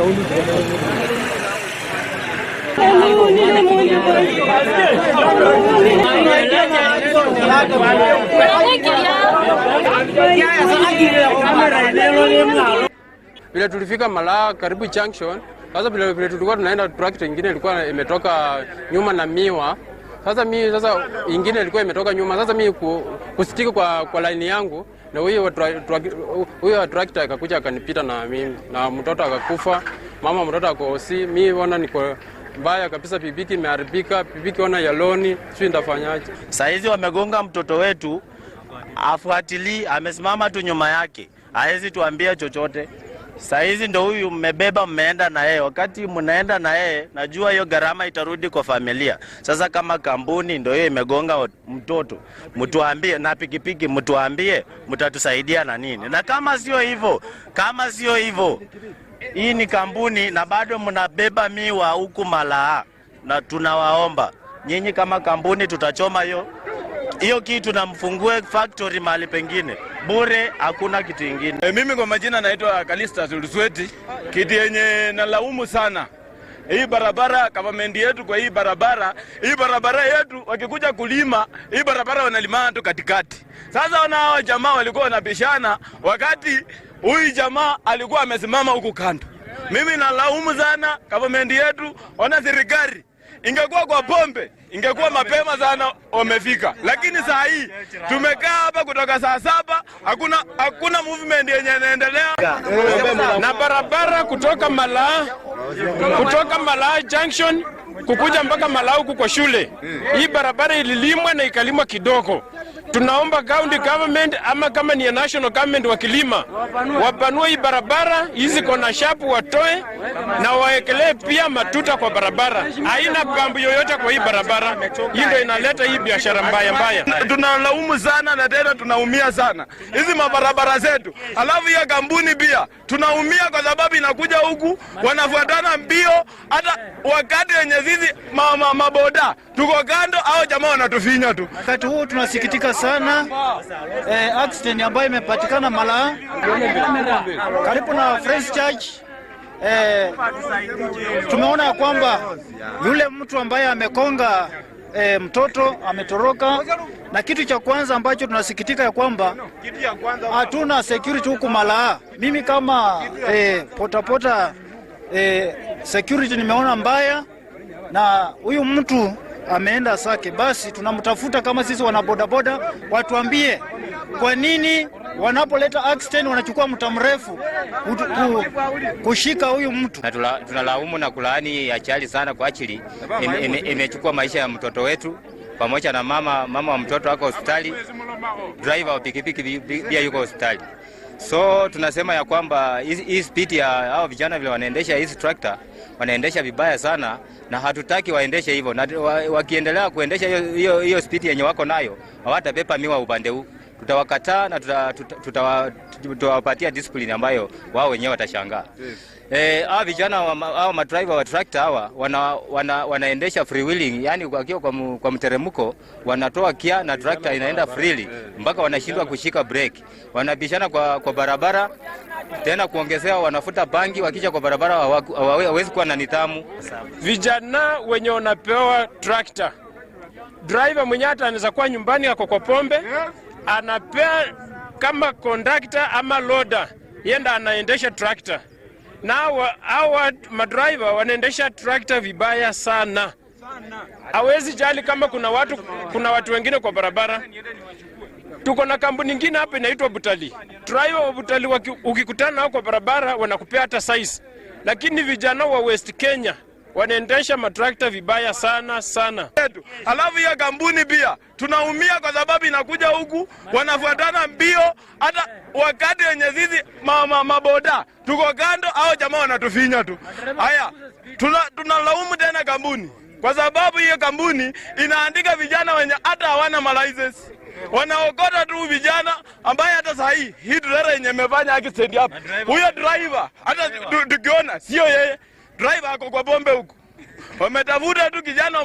Vile tulifika Malaa karibu junction, sasa vile tulikuwa tunaenda tractor ingine ilikuwa imetoka nyuma na miwa sasa mimi sasa ingine ilikuwa imetoka nyuma. Sasa mimi kusikika kustiki kwa, kwa laini yangu na huyo huyo atrakta akakuja akanipita na mimi na mtoto akakufa, mama mtoto akoosi, mi ona niko mbaya kabisa, pipiki imeharibika, pipiki ona yaloni, sijui nitafanyaje. hizi wamegonga mtoto wetu, afuatilii, amesimama tu nyuma yake, hawezi tuambia chochote. Saa hizi ndo huyu mmebeba, mmeenda na yeye. Wakati mnaenda na yeye, najua hiyo gharama itarudi kwa familia. Sasa kama kampuni ndo hiyo imegonga mtoto, mtuambie na pikipiki, mtuambie mtatusaidia na nini. Na kama sio hivyo, kama sio hivyo, hii ni kampuni na bado mnabeba miwa huku Malaa, na tunawaomba nyinyi kama kampuni, tutachoma hiyo hiyo kitu na mfungue factory mahali pengine bure, hakuna kitu ingine. E, mimi kwa majina naitwa Kalista Zulsweti. Kitu yenye nalaumu sana hii barabara, government yetu kwa hii barabara, hii barabara yetu wakikuja kulima hii barabara wanalimaa tu katikati. Sasa wana wanao jamaa walikuwa wanabishana, wakati huyu jamaa alikuwa amesimama huku kando. Mimi nalaumu sana government yetu, ona serikali ingekuwa kwa pombe ingekuwa mapema sana wamefika, lakini saa hii tumekaa hapa kutoka saa saba, hakuna hakuna movement yenye inaendelea, na barabara kutoka Malaa kutoka Malaa junction kukuja mpaka Malaa huku kwa shule, hii barabara ililimwa na ikalimwa kidogo Tunaomba county government ama kama ni national government wa Kilima wapanue hii barabara, hizi kona shapu watoe na waekelee pia matuta kwa barabara. Haina pambu yoyote kwa hii barabara, hii ndio inaleta hii biashara mbaya mbaya. Tunalaumu sana na tena tunaumia sana hizi mabarabara zetu, alafu hiyo kampuni pia tunaumia kwa sababu inakuja huku wanafuatana mbio, hata wakati wenye zizi maboda ma, ma tuko kando au jamaa wanatufinya tu. Wakati huu tunasikitika sana eh, accident ambayo imepatikana mala karibu na Fresh Church eh, tumeona ya kwamba yule mtu ambaye amekonga eh, mtoto ametoroka, na kitu cha kwanza ambacho tunasikitika ya kwamba hatuna security huku Malaa. Mimi kama eh, potapota eh, security nimeona mbaya na huyu mtu ameenda Sake, basi tunamtafuta kama sisi wanabodaboda, watuambie kwa nini wanapoleta accident wanachukua muda mrefu kushika huyu mtu. Tunalaumu na kulaani achali sana kwa achili imechukua maisha ya mtoto wetu pamoja na mama mama wa mtoto ako hospitali driver wa pikipiki pia yuko hospitali. So tunasema ya kwamba hii spidi ya hao vijana vile wanaendesha hizi tractor wanaendesha vibaya sana, na hatutaki waendeshe hivyo, na wakiendelea kuendesha hiyo spidi yenye wako nayo hawatapepa miwa upande huu, tutawakataa na tutawatuta, tuta, tuta, tutawapatia discipline ambayo wao wenyewe watashangaa. Yes. Eh, hawa vijana hawa madriver wa tractor hawa wana, wana, wanaendesha free wheeling, yani wakiwa kwa, kwa mteremko wanatoa kia na tractor inaenda freely mpaka wanashindwa kushika brake. Wanabishana kwa, kwa barabara tena kuongezea wanafuta bangi wakija kwa barabara hawawezi kuwa na nidhamu. Vijana wenye wanapewa tractor, driver mwenye hata anaweza kuwa nyumbani ako kwa pombe, anapea kama kondakta ama loda, yenda anaendesha trakta na awa madriva wanaendesha trakta vibaya sana. Hawezi jali kama kuna watu, kuna watu wengine kwa barabara. Tuko na kampuni nyingine hapa inaitwa Butali. Driver wa Butali ukikutana nao kwa barabara wanakupea hata size, lakini vijana wa West Kenya wanaendesha matrakta vibaya sana sana. Alafu hiyo kampuni pia tunaumia kwa sababu inakuja huku wanafuatana mbio, hata wakati wenye sisi maboda tuko kando, au jamaa wanatufinya tu. Haya, tunalaumu tuna tena kampuni kwa sababu hiyo kampuni inaandika vijana wenye hata hawana malaisensi wanaokota tu vijana ambaye hata sahii hii tulera yenye imefanya aki hapa, huyo driver hata tukiona sio yeye driver ako kwa pombe huko, wametafuta tu kijana